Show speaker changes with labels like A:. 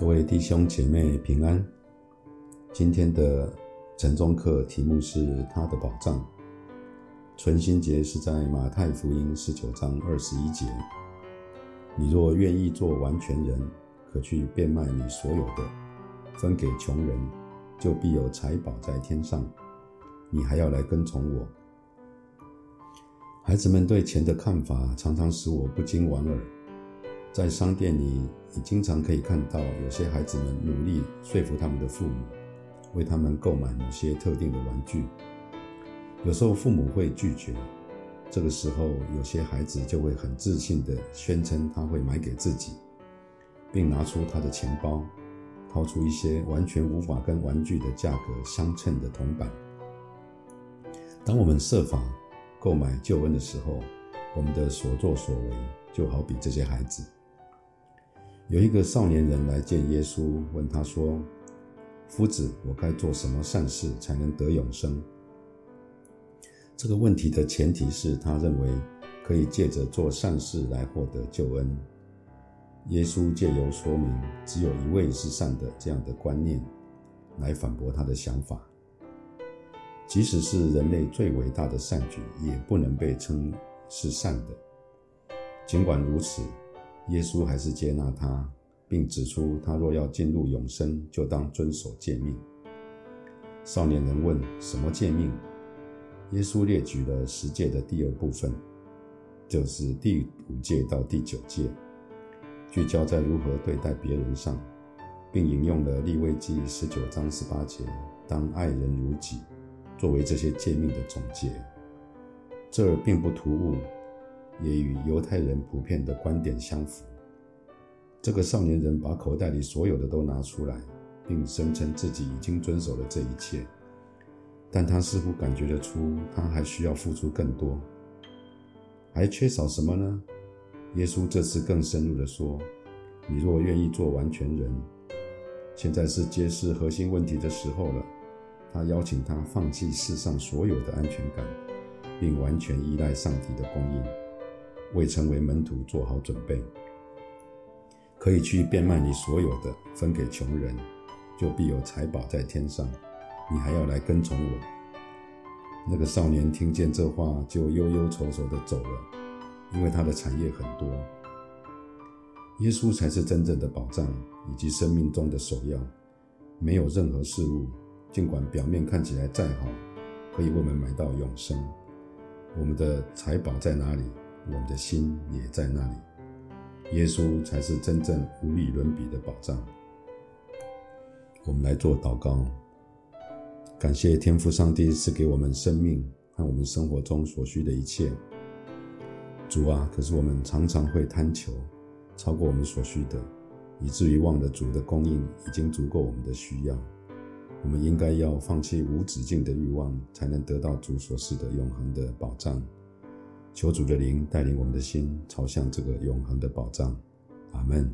A: 各位弟兄姐妹平安，今天的晨鐘課題目是“祂的寶藏”。存心節是在馬太福音十九章二十一節：“你若願意做完全人，可去變賣你所有的，分給窮人，就必有財寶在天上。你還要來跟從我。”孩子們對錢的看法常常使我不禁莞爾，在商店裡，你經常可以看到有些孩子們努力說服他們的父母，為他們購買某些特定的玩具，有時候父母會拒絕，這個時候有些孩子就會很自信的宣稱他會買給自己，並拿出他的錢包，掏出一些完全無法跟玩具的價格相稱的銅板。當我們設法購買救恩的時候，我們的所作所為就好比這些孩子。有一個少年人來見耶穌，問他說：“夫子，我該做什麼善事才能得永生？”這個問題的前提是他認為可以借着做善事來獲得救恩。耶穌借由說明只有一位是善的這樣的觀念，來反駁他的想法。即使是人類最偉大的善舉，也不能被稱是善的。儘管如此。耶穌還是接納他，並指出他若要進入永生，就當遵守誡命。少年人問：“什麼誡命？”耶穌列舉了十誡的第二部分，就是第五誡到第九誡，聚焦在如何對待別人上，並引用了利未記十九章十八節：“當愛人如己”，作為這些誡命的總結。這並不突兀。也與猶太人普遍的觀點相符。這個少年人把口袋裡所有的都拿出來，並聲稱自己已經遵守了這一切，但他似乎感覺得出他還需要付出更多。還缺少什麼呢？耶穌這次更深入地說：“你若願意做完全人，現在是揭示核心問題的時候了。”他邀請他放棄世上所有的安全感，並完全依賴上帝的供應。為成為門徒做好準備，可以去變賣你所有的，分給窮人，就必有財寶在天上。你還要來跟從我。那個少年聽見這話，就憂憂愁愁的走了，因為他的產業很多。耶穌才是真正的寶藏，以及生命中的首要。沒有任何事物，儘管表面看起來再好，可以為我們買到永生。我們的財寶在哪裡？我們的心也在那裡，耶穌才是真正無與倫比的寶藏。我們來做禱告，感謝天父上帝賜給我們生命和我們生活中所需的一切。主啊，可是我們常常會貪求超過我們所需的，以至於忘了主的供應已經足夠我們的需要。我們應該要放棄無止境的慾望，才能得到主所賜的永恆的寶藏。求主的靈帶領我們的心朝向這個永恆的寶藏，阿門。